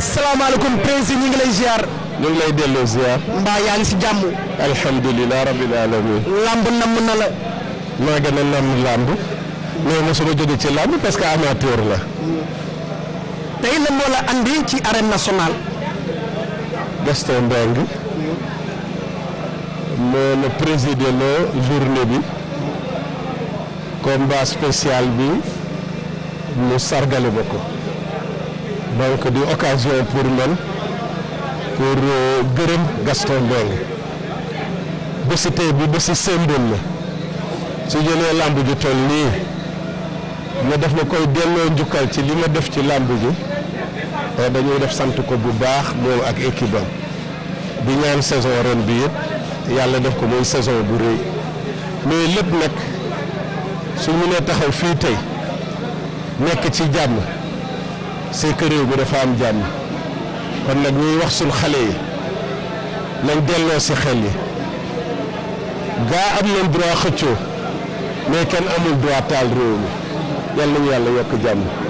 salaamaaleykum président ñu ngi lay ziar. ñu ngi lay delloo ziar. mbaa yaa ngi si jàmm. alhamdulilah rabbil alamin. lamb namm na la. maa gën a namm lamb. mais mosuma jóge ci lamb parce que amateur la. tey la la andi ci arène nationale. Gaston Mbengue. moo la présidé loo journée bi. combat spécial bi mu sargale ba ko. donc di occasion pour man pour euh, gërëm Gaston Mbengue bési tey bi bési symbole la su jëlee làmb ji toll nii nga def na koy delloo njukkal ci li ma def ci làmb ji eh, dañuy def sant ko bu baax moom ak équipe am di ñaan saison ren bi yëpp yàlla def ko muy saison bu rëy mais lépp nekk su ñu nee taxaw fii tey nekk ci jàmm. c'est que réew bi dafa am jàmm kon nag ñuy wax suñ xale yi nañ delloo si xel yi gaa am nañ droit xëccoo mais kenn amul droit taal réew mi yàlla nañu yàlla yokk jàmm.